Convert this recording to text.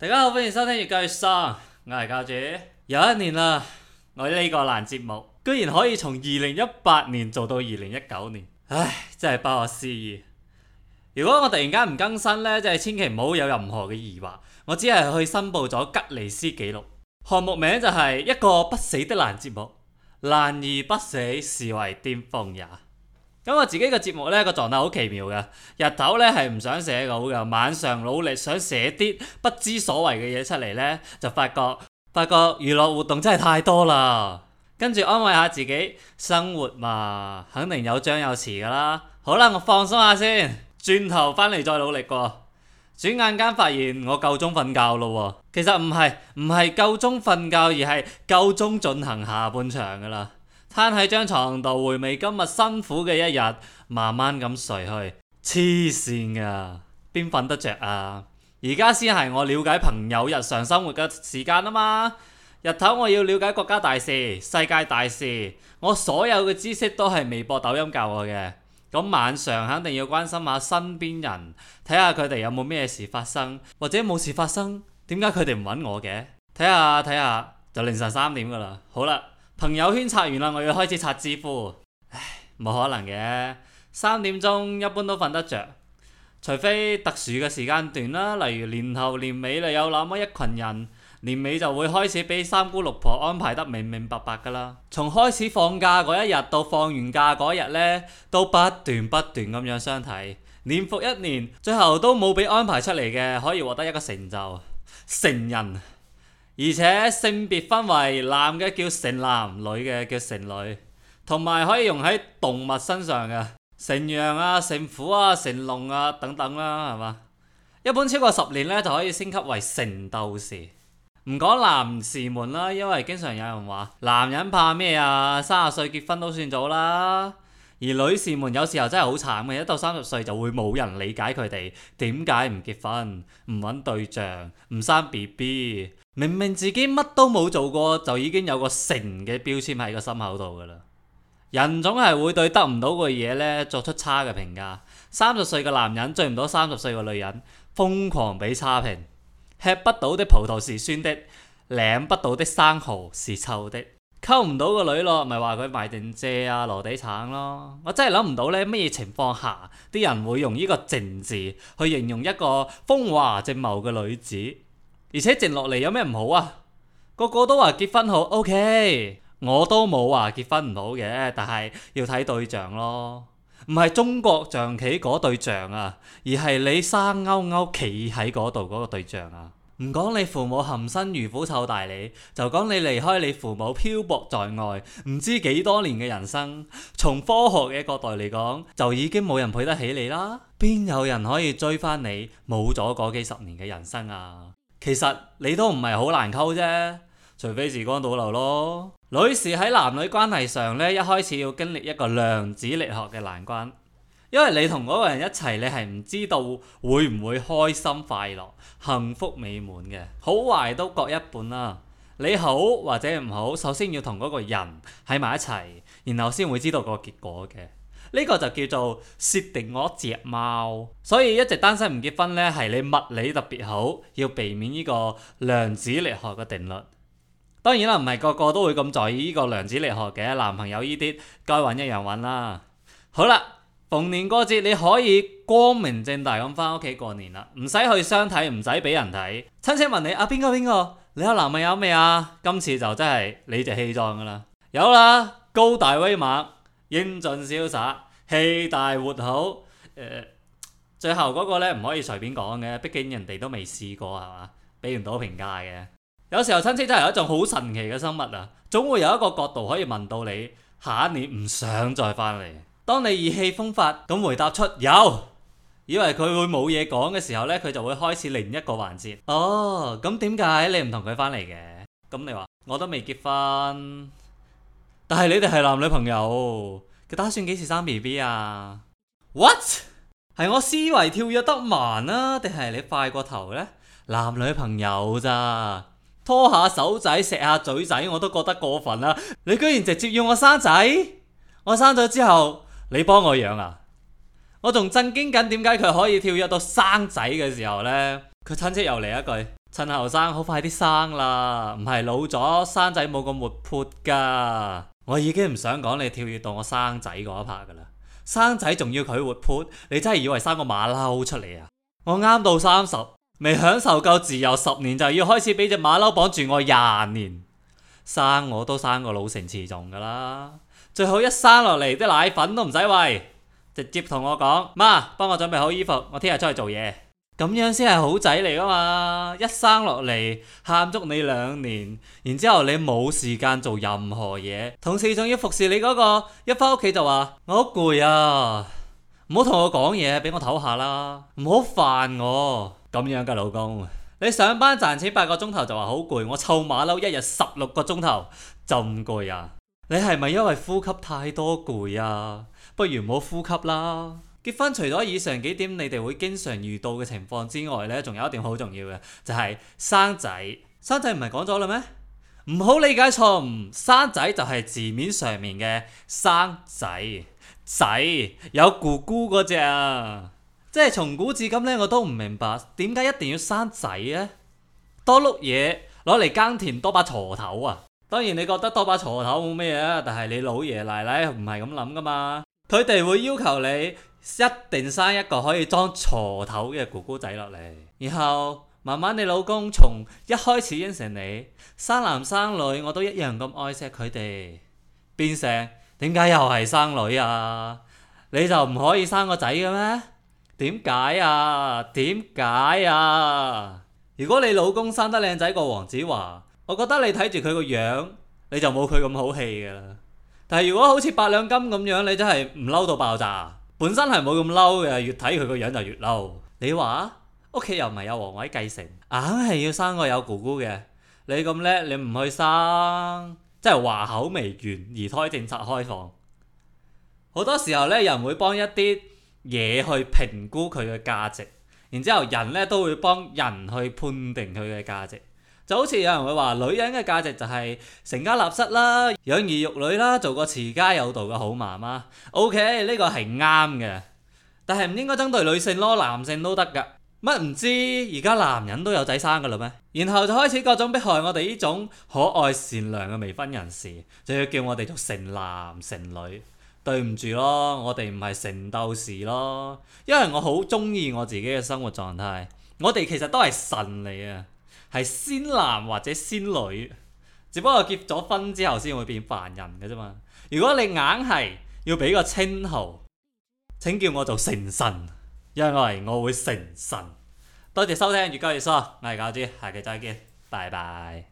大家好，歡迎收聽粵教粵喪，我係教主，有一年啦，我呢個爛節目居然可以從二零一八年做到二零一九年，唉，真係不可思議。如果我突然間唔更新呢，即係千祈唔好有任何嘅疑惑，我只係去申報咗吉尼斯紀錄，項目名就係一個不死的爛節目，爛而不死，是為巔峰也。因為自己嘅節目呢個狀態好奇妙嘅，日頭呢係唔想寫稿嘅，晚上努力想寫啲不知所謂嘅嘢出嚟呢，就發覺發覺娛樂活動真係太多啦。跟住安慰下自己，生活嘛肯定有張有弛噶啦。好啦，我放鬆下先，轉頭翻嚟再努力過。轉眼間發現我夠鐘瞓覺咯喎，其實唔係唔係夠鐘瞓覺，而係夠鐘進行下半場噶啦。攤喺張床度回味今日辛苦嘅一日，慢慢咁睡去。黐綫啊，邊瞓得着啊？而家先係我了解朋友日常生活嘅時間啊嘛！日頭我要了解國家大事、世界大事，我所有嘅知識都係微博、抖音教我嘅。咁晚上肯定要關心下身邊人，睇下佢哋有冇咩事發生，或者冇事發生，點解佢哋唔揾我嘅？睇下，睇下，就凌晨三點噶啦。好啦。朋友圈刷完啦，我要開始刷支付。唉，冇可能嘅。三點鐘一般都瞓得着，除非特殊嘅時間段啦，例如年頭年尾，你有那麼一群人，年尾就會開始俾三姑六婆安排得明明白白噶啦。從開始放假嗰一日到放完假嗰日呢，都不斷不斷咁樣相睇，年復一年，最後都冇俾安排出嚟嘅，可以獲得一個成就，成人。而且性別分為男嘅叫成男，女嘅叫成女，同埋可以用喺動物身上嘅，成羊啊、成虎啊、成龍啊等等啦，啊，係嘛？一般超過十年咧就可以升級為成鬥士。唔講男士們啦，因為經常有人話男人怕咩啊？三十歲結婚都算早啦。而女士們有時候真係好慘嘅，一到三十歲就會冇人理解佢哋點解唔結婚、唔揾對象、唔生 B B，明明自己乜都冇做過，就已經有個剩嘅標籤喺個心口度噶啦。人總係會對得唔到個嘢咧作出差嘅評價。三十歲嘅男人追唔到三十歲嘅女人，瘋狂俾差評。吃不到的葡萄是酸的，領不到的生蚝是臭的。溝唔到個女咯，咪話佢賣剩蔗啊，籮底橙咯。我真係諗唔到呢咩情況下啲人會用呢個剩字去形容一個風華正茂嘅女子？而且剩落嚟有咩唔好啊？個個都話結婚好，OK，我都冇話結婚唔好嘅，但係要睇對象咯。唔係中國象棋嗰對象啊，而係你生勾勾企喺嗰度嗰個對象啊。唔講你父母含辛茹苦湊大你，就講你離開你父母漂泊在外，唔知幾多年嘅人生。從科學嘅角度嚟講，就已經冇人配得起你啦。邊有人可以追翻你冇咗嗰幾十年嘅人生啊？其實你都唔係好難溝啫，除非時光倒流咯。女士喺男女關係上咧，一開始要經歷一個量子力學嘅難關。因為你同嗰個人一齊，你係唔知道會唔會開心、快樂、幸福、美滿嘅，好壞都各一半啦。你好或者唔好，首先要同嗰個人喺埋一齊，然後先會知道個結果嘅。呢、這個就叫做薛定諤隻貓。所以一直單身唔結婚呢，係你物理特別好，要避免呢個量子力學嘅定律。當然啦，唔係個個都會咁在意呢個量子力學嘅，男朋友呢啲該揾一樣揾啦。好啦。逢年過節你可以光明正大咁翻屋企過年啦，唔使去相睇，唔使俾人睇。親戚問你啊，邊個邊個，你有男朋友咩啊？今次就真係理直氣壯噶啦，有啦，高大威猛，英俊瀟灑，氣大活好。呃，最後嗰個呢唔可以隨便講嘅，畢竟人哋都未試過係嘛，俾唔到評價嘅。有時候親戚真係一種好神奇嘅生物啊，總會有一個角度可以問到你下一年唔想再翻嚟。當你意氣風發咁回答出有，以為佢會冇嘢講嘅時候呢，佢就會開始另一個環節。哦，咁點解你唔同佢返嚟嘅？咁你話我都未結婚，但係你哋係男女朋友，佢打算幾時生 BB 啊？What 係我思維跳躍得慢啊，定係你快過頭呢？男女朋友咋，拖下手仔錫下嘴仔，我都覺得過分啦，啊！你居然直接要我生仔，我生咗之後。你幫我養啊！我仲震驚緊，點解佢可以跳躍到生仔嘅時候呢？佢親戚又嚟一句：趁後生好快啲生啦，唔係老咗生仔冇咁活潑噶。我已經唔想講你跳躍到我生仔嗰一拍噶啦，生仔仲要佢活潑，你真係以為生個馬騮出嚟啊？我啱到三十，未享受夠自由十年，就要開始俾隻馬騮綁住我廿年，生我都生過老成持重噶啦。最好一生落嚟啲奶粉都唔使餵，直接同我講媽，幫我準備好衣服，我聽日出去做嘢，咁樣先係好仔嚟噶嘛！一生落嚟喊足你兩年，然之後你冇時間做任何嘢，同時仲要服侍你嗰個，一翻屋企就話我好攰啊，唔好同我講嘢，俾我唞下啦，唔好煩我，咁樣噶老公，你上班賺錢八個鐘頭就話好攰，我湊馬騮一日十六個鐘頭就唔攰啊！你係咪因為呼吸太多攰啊？不如唔好呼吸啦。結婚除咗以上幾點你哋會經常遇到嘅情況之外呢，仲有一點好重要嘅，就係、是、生仔。生仔唔係講咗啦咩？唔好理解錯誤。生仔就係字面上面嘅生仔仔，有姑姑嗰隻啊。即係從古至今呢，我都唔明白點解一定要生仔啊？多碌嘢攞嚟耕田，多把鋤頭啊！當然你覺得多把鋤頭冇咩嘢啊，但係你老爺奶奶唔係咁諗噶嘛，佢哋會要求你一定生一個可以裝鋤頭嘅姑姑仔落嚟。然後，慢慢你老公從一開始應承你生男生女，我都一樣咁愛錫佢哋，變成點解又係生女啊？你就唔可以生個仔嘅咩？點解啊？點解啊？如果你老公生得靚仔過王子華，我覺得你睇住佢個樣，你就冇佢咁好氣嘅啦。但係如果好似八兩金咁樣，你真係唔嬲到爆炸。本身係冇咁嬲嘅，越睇佢個樣就越嬲。你話屋企又唔係有皇位繼承，硬係要生個有姑姑嘅。你咁叻，你唔去生，真係話口未完。二胎政策開放，好多時候咧，人會幫一啲嘢去評估佢嘅價值，然之後人咧都會幫人去判定佢嘅價值。就好似有人會話，女人嘅價值就係成家立室啦、養兒育女啦，做個持家有道嘅好媽媽。OK，呢個係啱嘅，但係唔應該針對女性咯，男性都得噶。乜唔知而家男人都有仔生噶嘞咩？然後就開始各種迫害我哋呢種可愛善良嘅未婚人士，就要叫我哋做剩男剩女。對唔住咯，我哋唔係剩鬥士咯，因為我好中意我自己嘅生活狀態。我哋其實都係神嚟啊！係仙男或者仙女，只不過結咗婚之後先會變凡人嘅啫嘛。如果你硬係要俾個稱號，請叫我做剩神，因為我會成神。多謝收聽，粵教粵喪，我係教主，下期再見，拜拜。